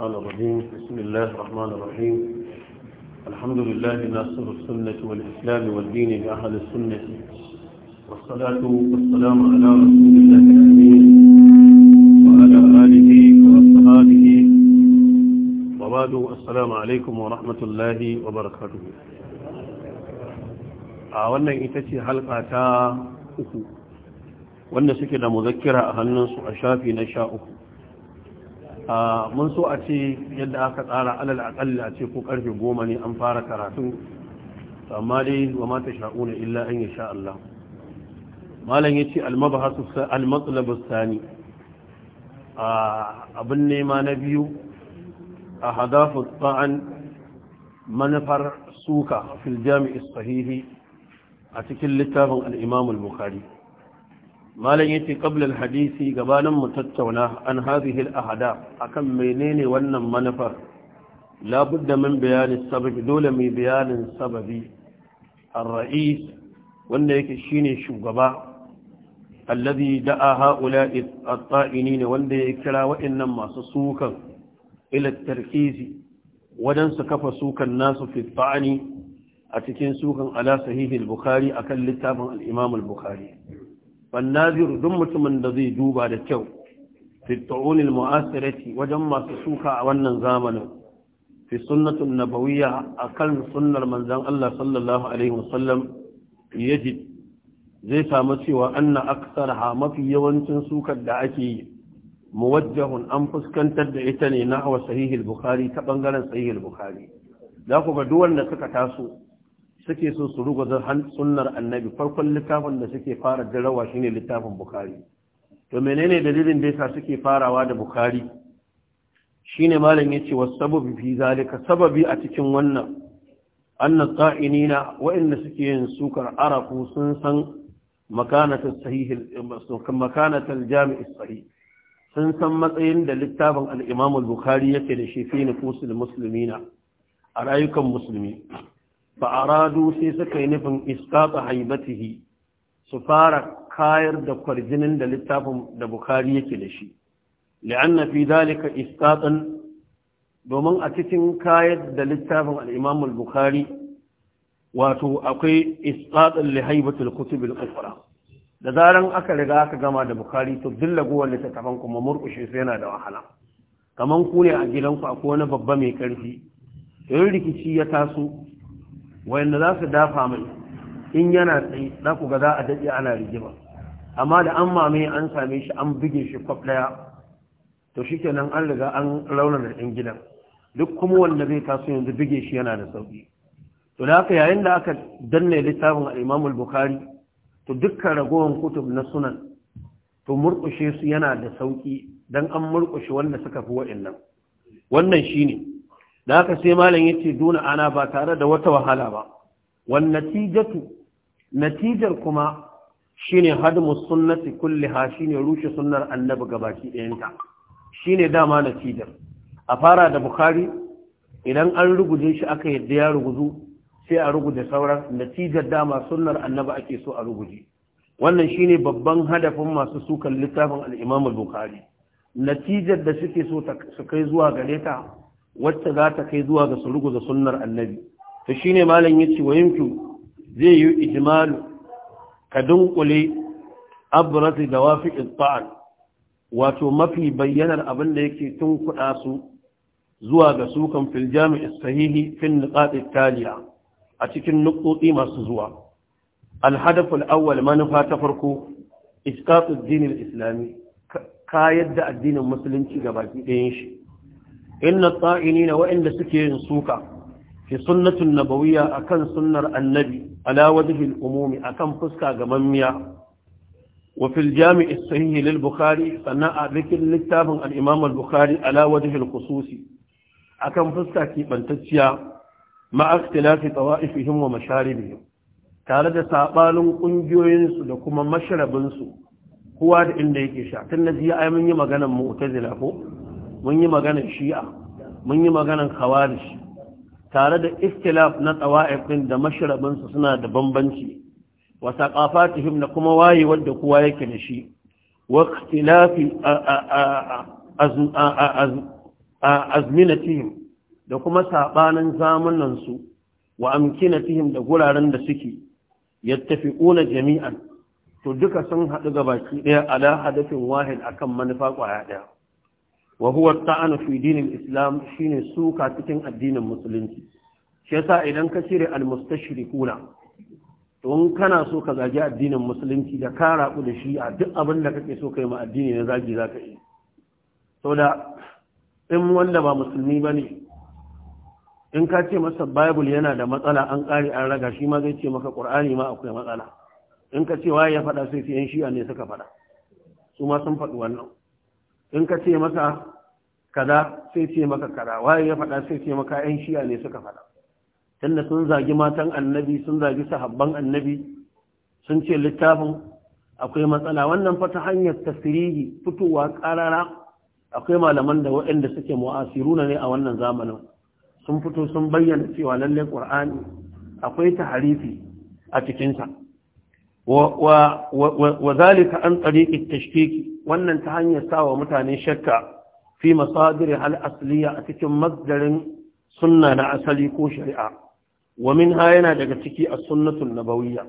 قال الرجيم بسم الله الرحمن الرحيم الحمد لله ناصر السنة والإسلام والدين بأهل السنة والصلاة والسلام على رسول الله الأمين وعلى آله وأصحابه وبعد السلام عليكم ورحمة الله وبركاته a wannan ita ce halka ta uku wanda suke da muzakkira a hannunsu a shafi na sha uku mun so a ce yadda aka tsara alal akalli a ce ko karfe goma ne an fara karatu amma dai wa mata sha'una illa an ya sha Allah malam ya ce almatsalabu sani abin nema na biyu a hadafu tsa'an manufar suka fil jami'is sahihi a cikin littafin al'imamul bukari malam yace qabla hadisi gabanin mu tattauna an hadhihi ahada akan menene wannan manufar labudda min bayani sababi dole mai bayanin sababi ar-ra'is wanda yake shine shugaba alladhi da'a ha'ula'i at-ta'inin wanda ya kira wa'annan masu sukan ila tarkizi wadan su kafa sukan nasu fi ta'ani a cikin sukan ala sahih al-bukhari akan littafin al-imam al-bukhari fannaziru duk mutumin da zai duba da kyau fit'unil mu'asirati wajen masu suka a wannan zamanin fi sunnatun nabawiyya kan sunnar manzon Allah sallallahu alaihi wasallam yaji zai samu cewa anna aksarha mafi yawancin sukar da ake yi muwajjahun an fuskantar da ita ne na wa sahihul bukhari ta bangaren sahihul bukhari za ku ga duk wanda suka taso suke so su ruguza sunnar annabi farkon littafin da suke fara darawa shine littafin bukari to menene dalilin da yasa suke farawa da bukari shine malam yace wasababi fi zalika sababi a cikin wannan anna qa'inina wa'inda suke yin sukar araku, sun san makanatul sahih makanatul jami' sahih sun san matsayin da littafin al-Imam al-Bukhari yake da shi fi nufusul muslimina a rayukan musulmi rado sai suka yi nufin iskata haibatihi su fara kayar da kwarjinin da littafin da bukari yake da shi li'anna fi dalika iskatan domin a cikin kayar da littafin al'imamul bukari wato akwai iskatan li haibatul kutubil ukra da zaran aka riga aka gama da bukari to dilla gowar littattafan kuma murkushe sai yana da wahala Kamar ku ne a gidanku akwai wani babba mai karfi in rikici ya taso wayanda za su dafa mai in yana tsaye za ku ga za a daɗe ana rigima amma da an mamaye an same shi an buge shi kwaf ɗaya to shi kenan an riga an raunar ɗan gidan duk kuma wanda zai taso yanzu buge shi yana da sauƙi to da haka yayin da aka danne littafin al'imamul bukari to dukkan ragowar kutub na sunan to murƙushe su yana da sauƙi don an murƙushe wanda suka fi wa'in wannan shi ne da haka sai malam ce duna ana ba tare da wata wahala ba wan natijatu natijar kuma shine hadmu sunnati kulliha shine rushe sunnar annabi gabaki ɗayanta shine dama natijar a fara da bukhari idan an ruguje shi aka yadda ya ruguzu sai a ruguje sauran natijar dama sunnar annabi ake so a ruguje wannan shine babban hadafin masu sukan littafin al-Imam bukhari natijar da suke so su kai zuwa gare ta wacce za ta kai zuwa ga surugu da sunnar annabi to shine malam ce wa yumkin zai yi Ijimalu. ka dunkule abrati da wafiqin ta'an wato mafi bayyanar abin da yake kuɗa su zuwa ga sukan fil jami'i sahihi fil niqati taliya a cikin nuqoti masu zuwa al hadaf manufa ta farko isqatu ad islami kayar da addinin musulunci ga baki ɗayan shi inna tsa'inina waɗanda suke yin suka fi sunnatun nabawiyya akan sunnar annabi ala wajhi al-umumi akan fuska ga mammiya wa fil jami' as-sahih lil bukhari sana'a bikin littafin al-imam al-bukhari ala wajhi al-khususi akan fuska kibantacciya ma ikhtilafi tawa'ifihim wa masharibihim tare da sabalin ƙungiyoyinsu da kuma masharabinsu kowa da inda yake sha tun da jiya ai mun yi maganar mu'tazila ko mun yi maganar shi'a mun yi maganar khawarij tare da istilaf na tsawa'if din da mashrabinsu suna da bambanci wa saqafatihim na kuma waye wanda kowa yake da shi wa ikhtilafi azminatihim da kuma saɓanin zamanansu su wa amkinatihim da guraren da suke yattafiquna jami'an to duka sun haɗu ga baki ɗaya ala hadafin wahid akan manufa ƙwaya ɗaya wa huwa ta'anu fi dinil islam shine suka cikin addinin musulunci shi yasa idan ka cire almustashrikuna to in kana so ka zagi addinin musulunci da ka raƙu da shi a duk abin da kake so kai ma addini na zagi zaka yi da in wanda ba musulmi bane in ka ce masa bible yana da matsala an kare an raga shi ma zai ce maka qur'ani ma akwai matsala in ka ce waye ya faɗa sai sai yan shi'a ne suka faɗa su ma sun faɗi wannan in ka ce masa kada sai ce maka kada, waye ya faɗa sai ce maka ƴan shi'a ne suka faɗa tunda sun zagi matan annabi sun zagi sahabban annabi sun ce littafin akwai matsala wannan fa ta hanyar tafsiri fitowa ƙarara akwai malaman da waɗanda suke mu'asiruna ne a wannan zamanin sun fito sun bayyana cewa lallai ƙur'ani akwai taharifi a cikinsa wa zalika an tsariƙi tashkiki wannan ta hanyar sawa mutane shakka fi masadiri hal asaliya a cikin masdarin sunna na asali ko shari'a wa ha yana daga ciki a sunnatun nabawiyya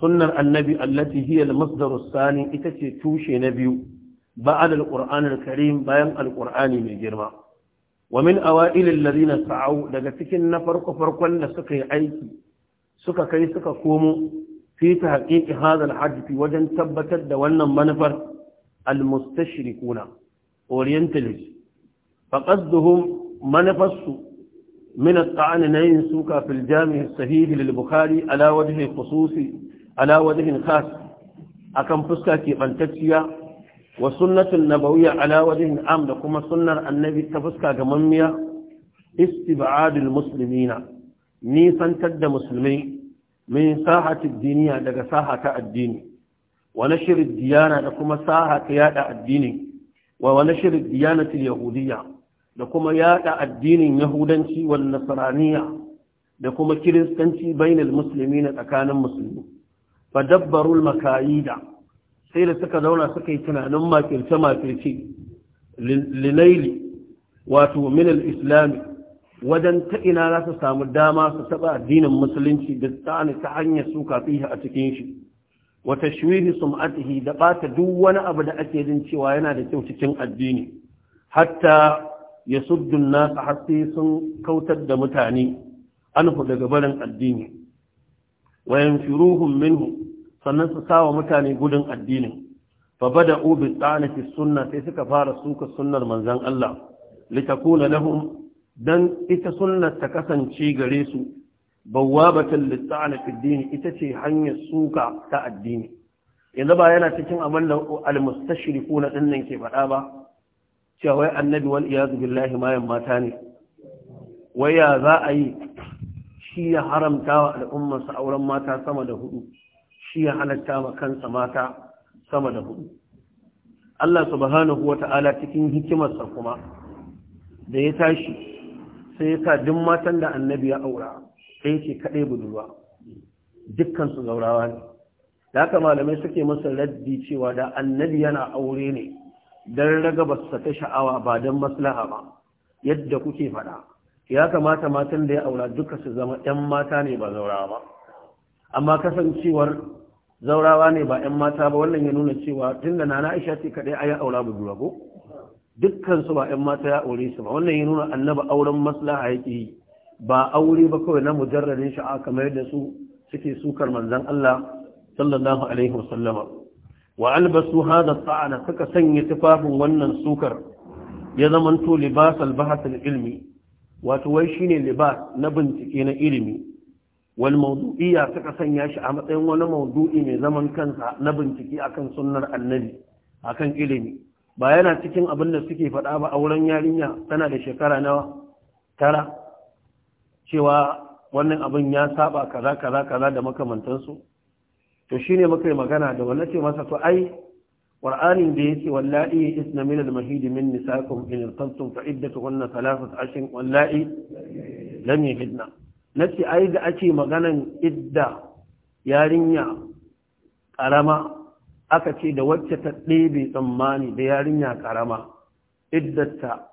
sunnar annabi allati hiya al-masdaru sani ita ce tushe na biyu ba'ad al-qur'an karim bayan al-qur'ani mai girma wa min awa'il alladhina sa'u daga cikin na farko farkon da suka yi aiki suka kai suka komo fi ta haƙiƙi hadal hajji wajen tabbatar da wannan manufar al-mustashriquna orientalist faqasduhum manufarsu من الطعن نين سوكا في الجامع الصحيح للبخاري على وجه خصوصي على وجه خاص أكم فسكا كيبانتكسيا وسنة النبوية على وجه عام لكم سنة النبي تفسكا كممية استبعاد المسلمين نيسان تد مسلمين min sahati diniya daga saha ta addini wa shirin diyana da kuma saha ta yada addini wa wa nashr diyanati yahudiyya da kuma yada addinin yahudanci wa Nasaraniya da kuma kiristanci bainal na tsakanin musulmi fa dabbarul makayida sai da suka zauna suka yi tunanin makirce makirce linaili wato min al islami wajen ta ina za su samu dama su taɓa addinin musulunci da tsani ta hanyar suka fiye a cikin shi wa tashwihi sum'atihi da ɓata duk wani abu da ake jin cewa yana da kyau cikin addini hatta ya suddun nasa hasi sun kautar da mutane anhu daga barin addini wayan yanfiruhum minhu sannan su sawa mutane gudun addinin fa bada'u bi tsani sunna sai suka fara suka sunnar manzon Allah litakuna lahum dan ita sunnar ta kasance gare su bawwabatan litta'ana fi dini ita ce hanyar suka ta addini yanzu ba yana cikin abin da al-mustashriquna na dinnan ke faɗa ba cewa wai annabi wal iyazu billahi mayan mata ne wai ya za a yi shi ya haramta wa al'ummarsa auren mata sama da hudu shi ya halatta ma kansa mata sama da hudu Allah subhanahu wa ta'ala cikin hikimarsa kuma da ya tashi sai ya sa duk matan da annabi ya aura sai ce kaɗai budurwa dukkan su zaurawa ne da haka malamai suke masa raddi cewa da annabi yana aure ne don ragabarsa ta sha'awa ba don maslaha ba yadda kuke faɗa ya kamata matan da ya aura duka su zama 'yan mata ne ba zaurawa ba amma kasancewar zaurawa ne ba 'yan mata ba wannan ya nuna cewa tun da nana aisha ce kaɗai a ya aura budurwa ko Dukkansu ba 'yan mata ya aure su ba wannan ya nuna annaba auren maslaha yake yi ba aure ba kawai na mujarradin sha'a kamar yadda su suke sukar manzon Allah sallallahu alaihi wasallama wa albasu hada sa'ana suka sanya tufafin wannan sukar ya zamanto libasal bahasul ilmi wato wai shine libas na bincike na ilimi wal mawdu'iyya suka sanya shi a matsayin wani mawdu'i mai zaman kansa na bincike akan sunnar annabi akan ilimi ba yana cikin abin da suke faɗa ba a wurin yarinya tana da shekara na tara cewa wannan abin ya saba kaza kaza kaza da makamantansu to shine muka yi magana da wannan ce masa to ai qur'anin da yake wallahi isna min al-mahid min nisaikum in irtabtum fa iddatuhunna thalathat ashin wallahi lam yahidna nace ai da ake maganan idda yarinya karama aka ce da wacce ta ɗebe tsammani da yarinya ƙarama iddata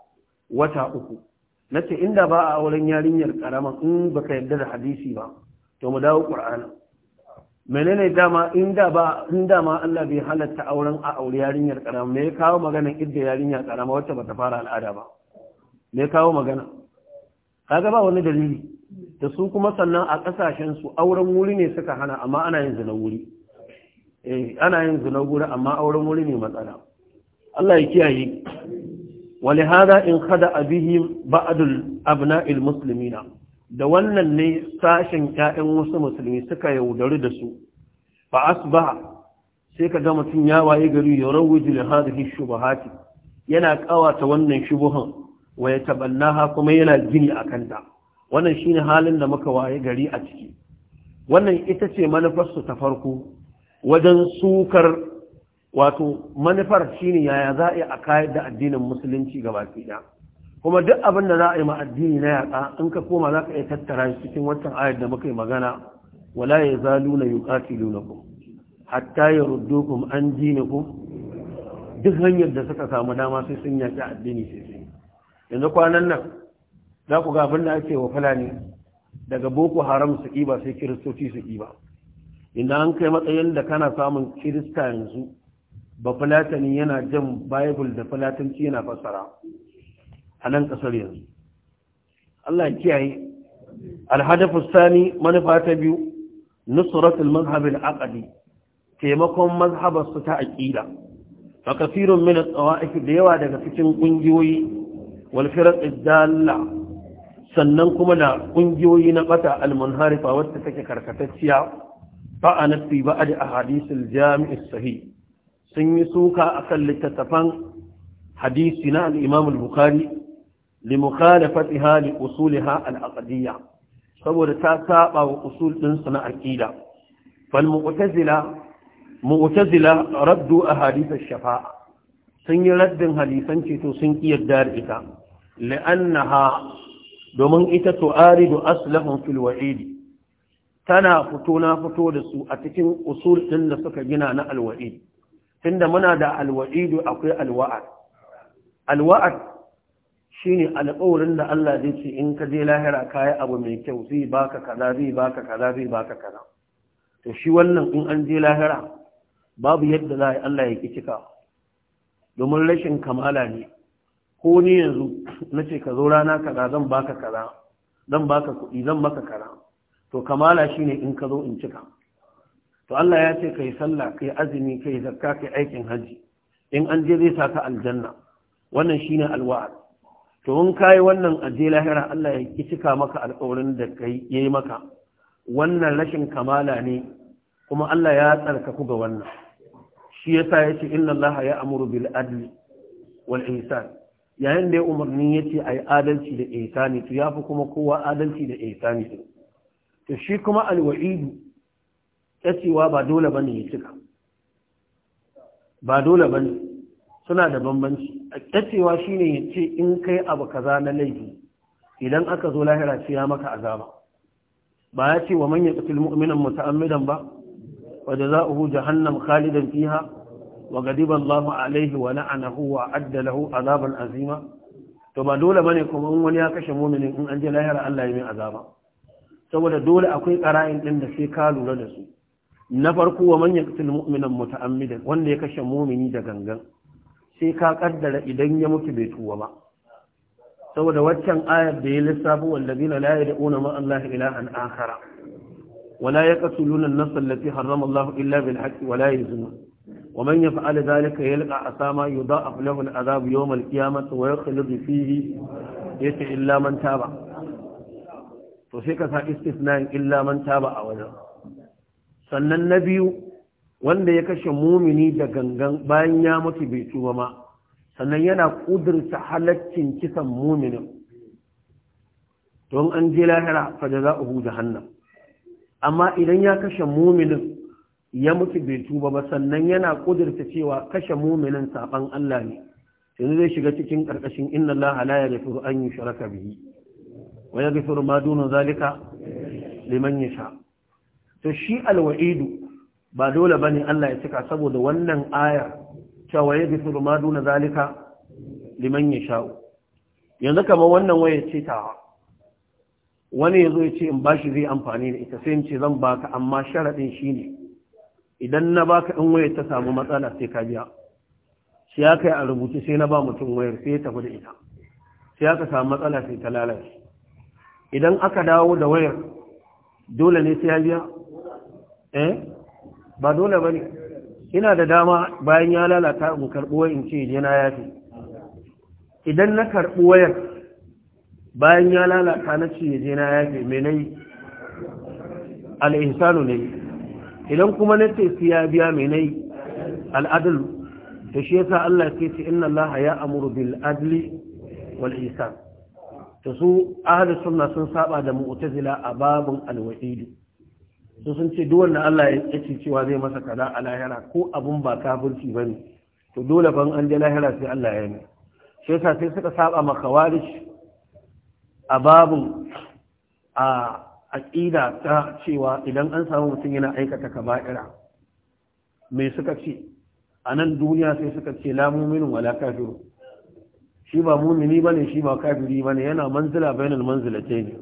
wata uku na ce inda ba a auren yarinyar ƙarama, in baka yarda da hadisi ba to mu dawo ƙur'ana menene dama inda ma Allah bai halatta auren a aure yarinyar karama me ya kawo magana idda yarinya karama wacce bata fara al'ada ba me ya kawo magana kaga ba wani dalili da su kuma sannan a kasashen su auren wuri ne suka hana amma ana yin zina wuri eh ana yin zina guri amma auren wuri ne matsala Allah ya kiyaye wali hada in kada abihim ba'adul abna'il na da wannan ne sashen 'ya'yan wasu musulmi suka yaudari da su fa ba, sai ka ga mutum ya waye gari ya rawuji li hadhihi shubahati yana kawata wannan shubuhan wa yatabannaha kuma yana gini a kanta. wannan shine halin da muka waye gari a ciki wannan ita ce manufarsu ta farko wajen sukar wato manufar shine yaya za a yi a kayar da addinin musulunci gaba ɗaya kuma duk abin da za a yi ma addini na yaƙa in ka koma za ka iya tattara shi cikin wancan ayar da muka yi magana wala ya za zalu na ku. hatta yaruddukum an ku? duk hanyar da suka samu dama sai sun yaƙi addini sai sai yanzu kwanan nan za ku ga abin da ake wa fulani daga boko haram su ƙiba sai kiristoci su ƙiba inda an kai matsayin da kana samun kirista yanzu ba filatani yana jan bible da fulatanci yana fassara a nan kasar yanzu Allah ya kiyaye alhadafu sani manufa ta biyu nusratul mazhab al-aqdi taimakon mazhabar su ta aqida fa kasirun min at-tawa'if da yawa daga cikin kungiyoyi wal firaq dalla sannan kuma da kungiyoyi na bata al-munharifa wacce take karkatacciya ba'ana fi ba'ad ahadithul jami' sahih sun yi suka a kan littattafan hadisi na al-Imam al-Bukhari li mukhalafatiha li al-aqdiyya saboda ta saba wa usul din sa na aqida fal mu'tazila mu'tazila raddu ahadith ash-shafa'a sun yi raddin hadisan ce to sun kiyarda da ita li domin ita tu'aridu aslahum fil wa'idi tana fito na fito da su a cikin usul ɗin da suka gina na alwa'idu tunda muna da alwa'idu akwai alwa'ad alwa'ad shine alƙawarin da Allah zai ce in ka je lahira kai abu mai kyau zai baka kaza zai baka kaza zai baka kaza to shi wannan in an je lahira babu yadda za Allah ya ki ka domin rashin kamala ne ko ni yanzu nace ce ka zo rana kaza zan baka kaza zan baka kuɗi zan maka kaza to kamala shine in ka zo in cika to Allah ya ce kai sallah kai azumi kai zakka kai aikin hajji. in an je zai saka aljanna wannan shine alwa'ad to in kai wannan aje lahira Allah ya ki cika maka alƙawarin da kai yayi maka wannan rashin kamala ne kuma Allah ya tsarkaku ga wannan shi yasa yace inna Allah ya amuru bil adli wal ihsan yayin da ya umarni yace ai adalci da ihsani to yafi kuma kowa adalci da ihsani to shi kuma alwa'idu cewa ba dole ne ya cika ba dole bane suna da bambanci cewa shine ya ce in kai abu kaza na laifi idan aka zo lahira sai ya maka azaba ba ya ce wa man mu mu'minan muta'ammidan ba a jazaohu hannan khalidan fiha wa ghadiba Allahu alaihi wa la'anahu wa adda azaban azima to ba dole bane kuma in wani ya kashe mu'minin in an je lahira Allah ya min azaba saboda dole akwai ƙara'in ɗin da sai ka lura da su na farko wa manyan ƙasar mu'minan mutu'ammida wanda ya kashe mumini da gangan sai ka ƙaddara idan ya mutu bai tuwa ba saboda waccan ayar da ya lissafi wanda zina la ya da'una ma Allah ilahan akhara wala ya kasu luna nasar lafi haram Allah illa bil haƙi wala ya zuna wa man ya fa'ala zalika yalqa asama yudha'af lahu al'adhab yawm al-qiyamah wa yakhlud fihi yata illa man taba to sai ka sa istisnan illa man taba a wajen sannan na biyu wanda ya kashe mumini da gangan bayan ya mutu bai tuba ma sannan yana kudurta halaccin kisan muminin don an je lahira fa jaza'uhu jahannam amma idan ya kashe muminin ya mutu bai tuba ba sannan yana kudurta cewa kashe muminin saban Allah ne yanzu zai shiga cikin karkashin inna Allah la yaghfiru an yushraka bihi ويغفر ما دون ذلك zalika liman فشي to shi alwa'idu ba dole ne Allah ya cika saboda wannan aya cewa yaghfiru ma duna zalika liman yasha yanzu kamar wannan wayar ce ta wani yazo ya ce in bashi zai amfani da ita sai in ce zan baka amma sharadin shine idan na baka in waya ta samu matsala sai ka biya sai ya kai a rubuce sai na ba mutum wayar sai ya tafi da ita sai ka samu matsala sai ta lalace idan aka dawo da wayar dole ne sai ya biya eh ba dole ba ne ina da dama bayan ya lalata in karɓi wayar in ce je na yafi idan na karɓi wayar bayan ya lalata na ce je na yafi me nayi al-ihsanu ne idan kuma na ce sai ya biya me nayi al-adl to shi yasa Allah ya ce inna Allah ya amuru bil adli wal ihsan to su ahlus sunna sun saba da mu'tazila a babun alwa'id su sun ce duk Allah ya ce cewa zai masa kaza a lahira ko abun ba kafirci bane to dole ban an je lahira sai Allah ya yi shi yasa sai suka saba ma khawarij a babun a aqida ta cewa idan an samu mutum yana aikata kaba'ira me suka ce a nan duniya sai suka ce la mu'minu wala kafiru shi ba mumini bane shi ba kafiri ne, yana manzila bainal manzilatai ne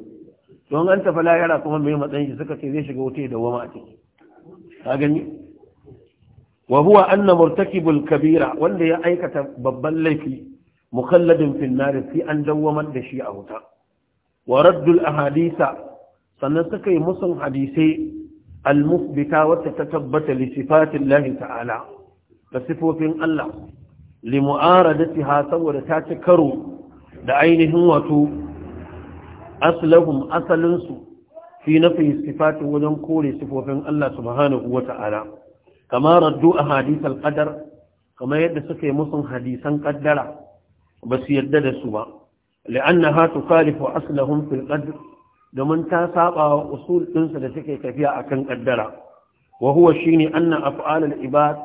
don an tafi layara kuma mai matsayin shi suka ce zai shiga wuta da wama a ciki ka gani wa huwa anna murtakibul kabira wanda ya aikata babban laifi mukalladin fil nar fi an dawwamar da shi a wuta wa raddul ahadisa sannan suka yi musun hadisai al musbita wata ta tabbata li sifatin ta'ala da sifofin Allah limu'aradatiha saboda ta ci karo da ainihin wato aslahum asalinsu fi nafi sifatin wajen kore sifofin Allah subhanahu ta'ala kama raddu a hadisan qadar kama yadda suka yi musun hadisan ƙaddara, ba su yadda da su ba li'annaha tukhalifu aslahum fil qadr domin ta saba wa usul ɗinsu da suke tafiya akan ƙaddara. wa huwa shine anna af'alul ibad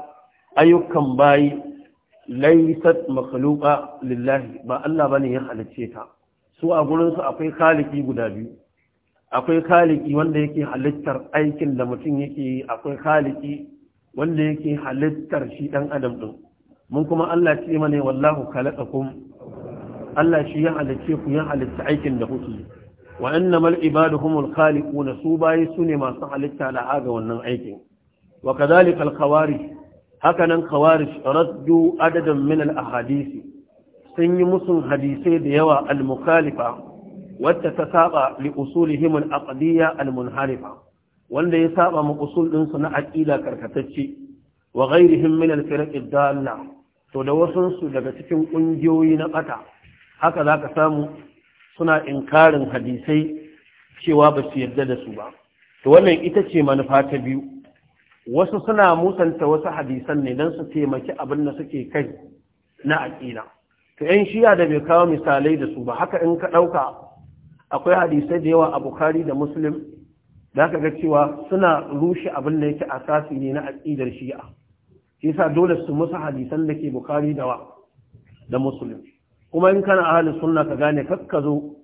ayyukan bayi laysat makhluqa lillahi ba Allah bane ya halicce ta su a gurin su akwai khaliki guda biyu akwai khaliki wanda yake halittar aikin da mutum yake akwai khaliki wanda yake halittar shi dan adam din mun kuma Allah ce mana wallahu khalaqakum Allah shi ya halicce ku ya halitta aikin da kuke wa innamal ibadu humul khaliquna su bayi sune masu halitta da haga wannan aikin wa kadhalika al khawarij hakanan khawarij raddu adadin min a ahadisi sun yi musun hadisai da yawa al-mukhalifa wacce ta saba li usulihim al-aqdiyya al wanda ya saba mu usul din su na aqida karkatacce wa ghairihim min al-firq ad-dalla to da wasun su daga cikin kungiyoyi na bata haka zaka samu suna inkarin hadisai cewa ba su yarda da su ba to wannan ita ce manufa ta biyu wasu suna musanta wasu hadisan ne don su taimaki abin da suke kai na aƙina. to ‘yan shiya da bai kawo misalai da su ba haka in ka ɗauka akwai hadisai da yawa a bukari da muslim da aka ga cewa suna rushe abin da yake asasi ne na aƙidar shi'a shi sa dole su musu hadisan da ke bukari da wa da muslim kuma in kana ahalin sunna ka gane kakka zo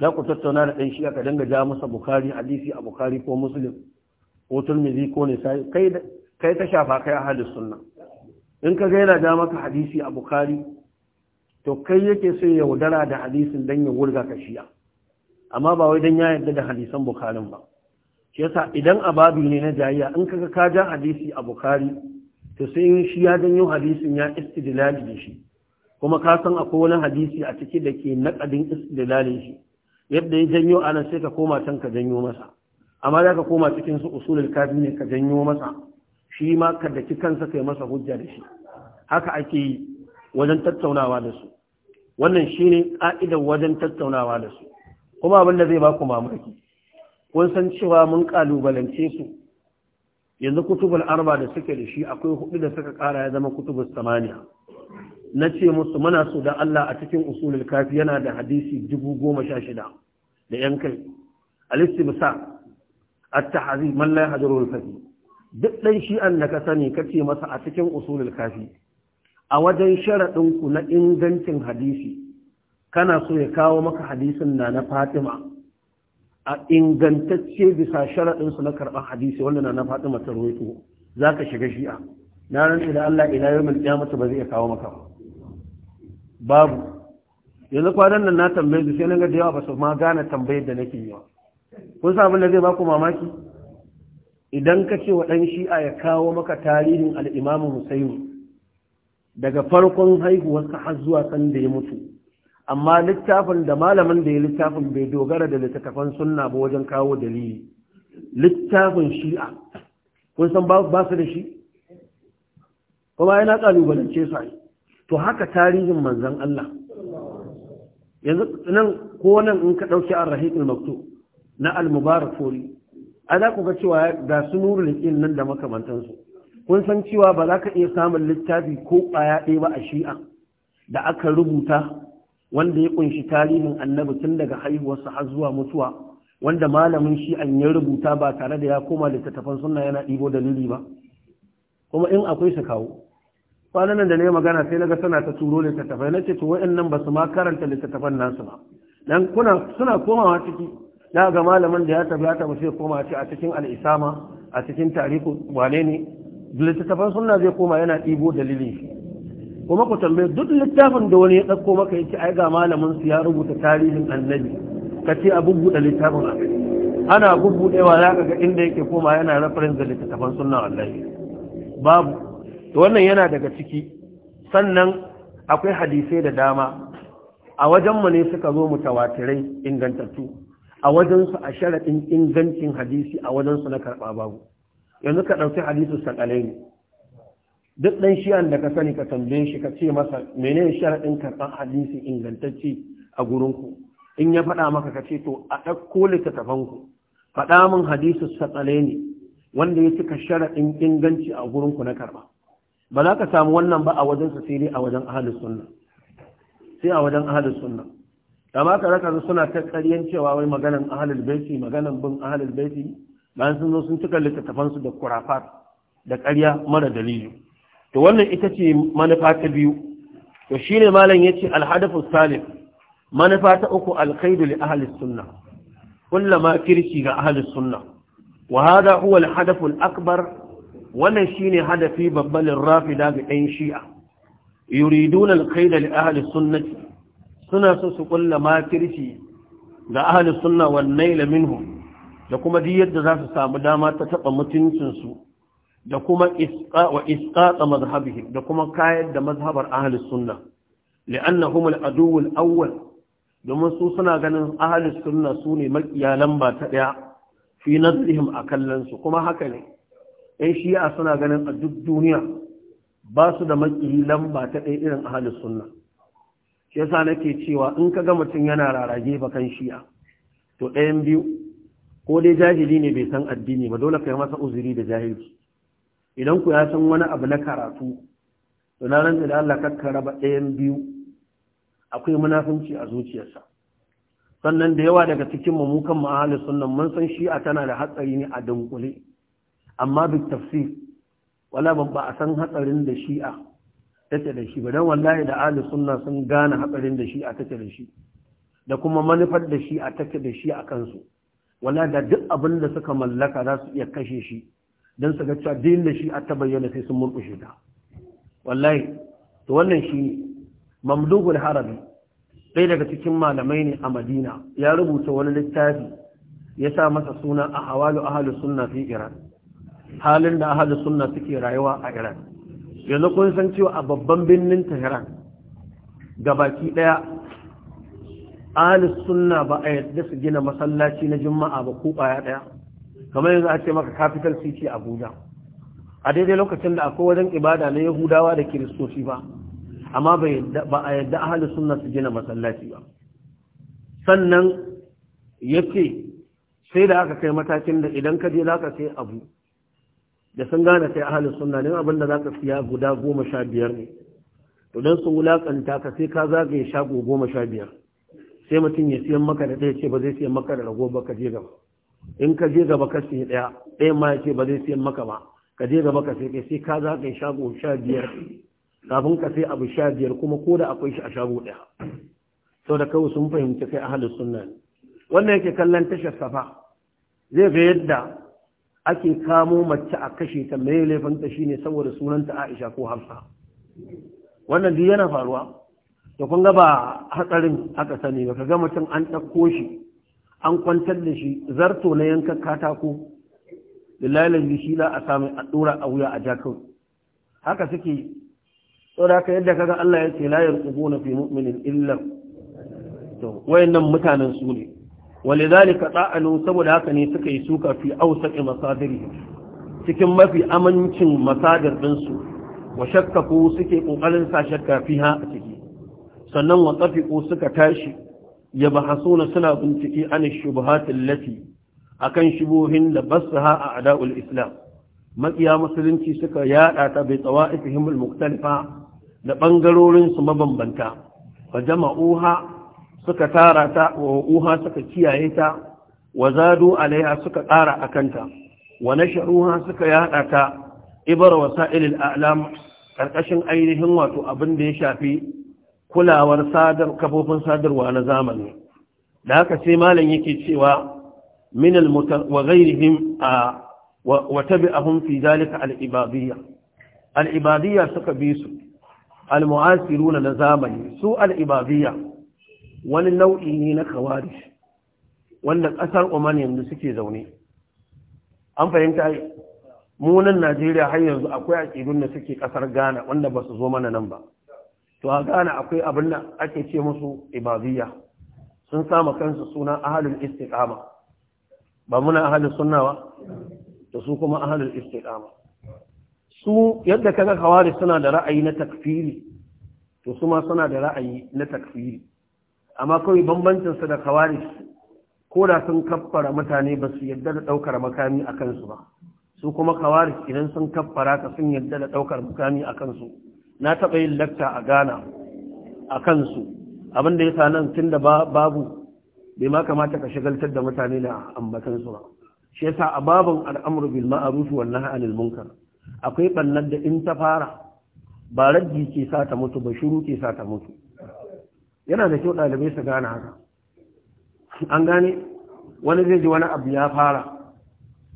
za ku tattauna da ɗan shi'a ka dinga ja masa bukari hadisi a bukari ko muslim ko mai ko ne sai kai ta shafa kai a halin sunna in ka ga yana ja maka hadisi a bukari to kai yake so ya yaudara da hadisin dan ya wurga ka shiya amma ba wai dan ya yarda da hadisan bukarin ba shi yasa idan babu ne na jayya in kaga ka ja hadisi a bukari to sai in shi ya janyo hadisin ya istidlali da shi kuma ka san akwai wani hadisi a ciki da ke naƙadin istidlalin shi yadda ya janyo ana sai ka koma can ka janyo masa amma za ka koma cikin su usulul kafi ne ka janyo masa shi ma ka ki kansa kai masa hujja da shi haka ake yi wajen tattaunawa da su wannan shine ƙa'idar wajen tattaunawa da su kuma abin da zai ba ku mamaki kun san cewa mun kalubalance su yanzu kutubul arba da suke da shi akwai hudu da suka kara ya zama kutubul samaniya na ce musu muna so da Allah a cikin usulul kafi yana da hadisi dubu goma sha shida da yan kai alistibsa at-tahzib man la yahjuru al duk dan shi'an da ka sani kace masa a cikin usulul kafi a wajen sharadin ku na ingancin hadisi kana so ya kawo maka hadisin na na Fatima a ingantacce bisa sharaɗinsu na karɓar hadisi wanda na na Fatima ta ruwaito za ka shiga shi'a na ran da Allah ila yau mai mata ba zai iya kawo maka babu yanzu kwanan nan na tambaye su sai na ga da yawa ba su ma gane tambayar da nake yi ba kun sa abin da zai baku mamaki idan ka ce wa ɗan shi'a ya kawo maka tarihin al'imamu musayin daga farkon haihuwarsa har zuwa san da ya mutu amma littafin da malamin da ya littafin bai dogara da littattafan sunna ba wajen kawo dalili littafin shi'a kun san ba su da shi kuma yana ƙalubalance su to haka tarihin manzan Allah yanzu nan ko nan in ka ɗauki arrahiqul maktub na al-mubarak fori a za ku ga cewa ga su nuru liƙin nan da makamantansu kun san cewa ba za ka iya samun littafi ko ɓaya ɗaya ba a shi'a da aka rubuta wanda ya kunshi tarihin annabi tun daga haihuwarsa har zuwa mutuwa wanda malamin shi'an ya rubuta ba tare da ya koma littattafan sunna yana ɗibo dalili ba kuma in akwai su kawo kwanan da na yi magana sai na ga suna ta turo littattafai na ce to wa'annan ba su ma karanta littattafan nasu ba dan kuna suna komawa ciki na ga malamin da ya tafi ya tafi sai koma ce a cikin al'isama a cikin tarihi, wane ne littattafan suna zai koma yana ɗibo dalili? shi kuma ku tambaye duk littafin da wani ya ɗauko maka ya ce ai ga malamin su ya rubuta tarihin annabi ka ce a bubbuɗe littafin a ana bubbuɗewa za ka ga inda yake koma yana reference da littattafan suna wallahi babu wannan yana daga ciki sannan akwai hadisai da dama a wajenmu ne suka zo mutawatirai ingantattu a wajensu a sharaɗin ingancin hadisi a wajensu na karɓa babu yanzu ka ɗauki hadisu sakalai ne duk ɗan shi'an da ka sani ka tambaye shi ka ce masa menene sharaɗin karɓar hadisi ingantacce a gurinku in ya faɗa maka ka ce to a ɗauko littattafanku faɗa min hadisu sakalai ne wanda ya cika sharaɗin inganci a gurinku na karɓa ba za ka samu wannan ba a sa sai dai a wajen ahalus sunna sai a wajen ahalus sunna amma kaza kaza suna ta karyan cewa wai maganan ahlul baiti maganan bin ahlul baiti bayan sun zo sun cika littattafan su da kurafat da ƙarya mara dalili to wannan ita ce manufa ta biyu to shine malam yace alhadafu hadafu manufa ta uku alkhairu li ahli sunna kullama kirki ga ahli sunna wa hada huwa alhadafu alakbar wannan shine hadafi babban rafida ga ɗan shi'a yuridun alkhairu li ahli sunnati suna so su kulla makirci ga ahli sunna wal naila minhum da kuma duk yadda za su samu dama ta taba mutuncinsu, da kuma isqa wa isqata madhhabihim da kuma kayar da mazhabar ahli sunna li'annahum al-adu al-awwal domin su suna ganin ahli sunna sune makiyalan ba ta daya fi nazrihim akallan su kuma haka ne 'yan shi'a suna ganin a duk duniya ba su da makiyi lamba ta ɗaya irin ahalin sunna shi yasa nake cewa in ka ga mutum yana rarage bakan shi'a to ɗayan biyu ko dai jahili ne bai san addini ba dole kai masa uzuri da jahilci idan ku ya san wani abu na karatu to na rantsa da Allah kakka raba ɗayan biyu akwai munafunci a zuciyarsa sannan da yawa daga cikin mu kan ahli sunnan mun san shi'a tana da hatsari ne a dunkule amma bi tafsir wala ban ba a san hatsarin da shi'a Tace da shi ba don wallahi da ahli sunna sun gane hatsarin da shi a tace da shi da kuma manufar da shi a tace da shi a kansu wallahi da duk abin da suka mallaka za su iya kashe shi don su ga cewa da shi a ta bayyana sai sun murƙushe ta wallahi to wannan shi ne mamluhul harabi sai daga cikin malamai ne a madina ya rubuta wani littafi ya sa masa suna a hawalu ahalu sunna fi iran halin da ahalu sunna suke rayuwa a iran yanzu kun san cewa a babban birnin tehran baki daya ahli sunna ba a yadda su gina masallaci na juma'a ba ko baya daya kamar yanzu a ce maka capital city abuja a daidai lokacin da akwai wajen ibada na yahudawa da kiristoci ba amma ba a yadda ahalus sunna su gina masallaci ba sannan yace sai da aka kai matakin da idan ka je za ka sai abu da sun gane sai ahalin sunna ne abin da zaka siya guda goma sha biyar ne to dan su wulakanta ka sai ka zagaye shago goma sha biyar sai mutum ya siyan maka da ɗaya ce ba zai siyan maka da rago ba ka je gaba in ka je gaba ka siya ɗaya ɗaya ma ya ce ba zai siyan maka ba ka je gaba ka sai kai sai ka zagaye shago sha biyar kafin ka sai abu sha biyar kuma ko da akwai shi a shago ɗaya sau da kawai sun fahimci kai ahalin sunna ne wannan yake kallon tashar safa zai ga yadda ake kamo mace a kashe ta mai shi shine saboda sunanta Aisha ko Hafsa wannan duk yana faruwa to kun ga ba hatsarin aka sani ba ka kaga mutum an ɗauko shi an kwantar da shi zarto na yankan katako lillahi lalli shi la a sami a ɗora a wuya a jakau haka suke saboda haka yadda kaga Allah ya ce la yarqubuna fi mu'minin illa to wayannan mutanen su ne ولذلك طعنوا saboda haka ne suka yi suka fi ausaki masadirihim cikin mafi amincin masadir din wa shakkaku suke kokarin sa shakka ha a ciki sannan wa tafiqu suka tashi yabhasuna suna bincike an shubuhat allati akan shubuhin da basaha a ada'ul islam makiya musulunci suka yada ta bi tsawaifihim al-mukhtalifa da bangarorin su mabambanta fa jama'uha suka tara ta wa uha suka kiyaye ta wa zadu alaiha suka ƙara kanta. wa nasharuha suka yada ta ibar wasa'ilil a'lam ƙarƙashin ainihin wato abin da ya shafi kulawar sadar kafofin sadarwa na zamani da haka sai malam yake cewa min al wa ghayrihim a wa tabi'ahum fi zalika al ibadiyya suka bi su al mu'asiruna na zamani su al ibadiyya wani nau'i ne na kawarish wanda ƙasar Oman yanzu suke zaune an fahimta munan Najeriya har yanzu akwai aƙidun da suke ƙasar Ghana wanda ba su zo mana nan ba to a Ghana akwai abin da ake ce musu ibabiya, sun sama kansu suna ahalul istiqama ba muna ahalul sunna ba da su kuma ahalul istiqama su yadda kaga kawari suna da ra'ayi na takfiri to su ma suna da ra'ayi na takfiri amma kawai bambancinsu da kawaris ko da sun kaffara mutane ba su yadda da ɗaukar makami a kansu ba su kuma kawaris idan sun kaffara ka sun yadda da ɗaukar makami a kansu na taɓa yin lakta a ghana a kansu abin da ya sa nan tun da babu bai ma kamata ka shagaltar da mutane da ambatansu ba shi yasa a babin al'amur bil ma'ruf wan nahy anil munkar akwai bannan da in ta fara ba raddi ke sa ta mutu ba shiru ke sa ta mutu yana da kyau ɗalibai su gane haka an gane wani zai ji wani abu ya fara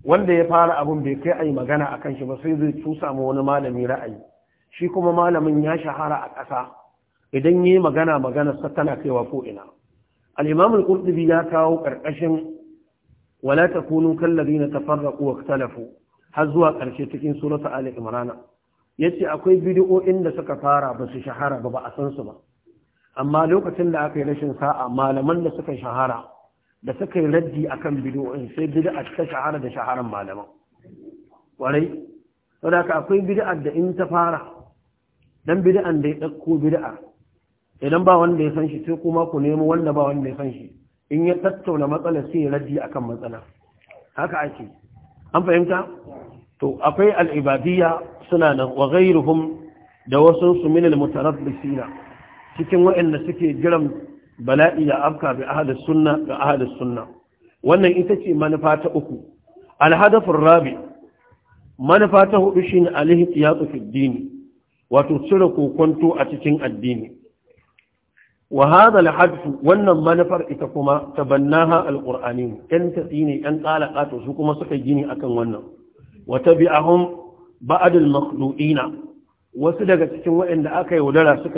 wanda ya fara abun bai kai a yi magana a kan shi ba sai zai cusa ma wani malami ra'ayi shi kuma malamin ya shahara a ƙasa idan yi magana magana sa tana kaiwa ko ina al'imamul imam ya kawo ƙarƙashin wala takunu ta fara wa talafu har zuwa ƙarshe cikin surata ali Ya yace akwai bidiyo da suka fara ba su shahara ba ba a san su ba amma lokacin da aka yi rashin sa'a malaman da suka shahara da suka yi raddi a kan bid'o'in sai bid'a ta shahara da shaharan malaman kwarai ka akwai bid'ar da in ta fara don bid'an da ya dauko bid'a idan ba wanda ya san shi sai kuma ku nemo wanda ba wanda ya san shi in ya tattauna matsalar sai ya raddi a kan matsala haka ake an fahimta to akwai al'ibadiyya suna nan wa ghairuhum da wasu su min al-mutarabbisina cikin waɗanda suke jiran bala'i ya afka bi da sunna ga ahadus sunna wannan ita ce manufa ta uku alhadafur rabi manufa ta hudu shine alihqiyatu fi dini wato cire kokonto a cikin addini wa hadha alhadf wannan manufar ita kuma tabannaha alqur'ani yan tsini yan qalaqatu su kuma suka gini akan wannan wa tabi'ahum ba'd almakhluqina wasu daga cikin waɗanda aka yaudara suka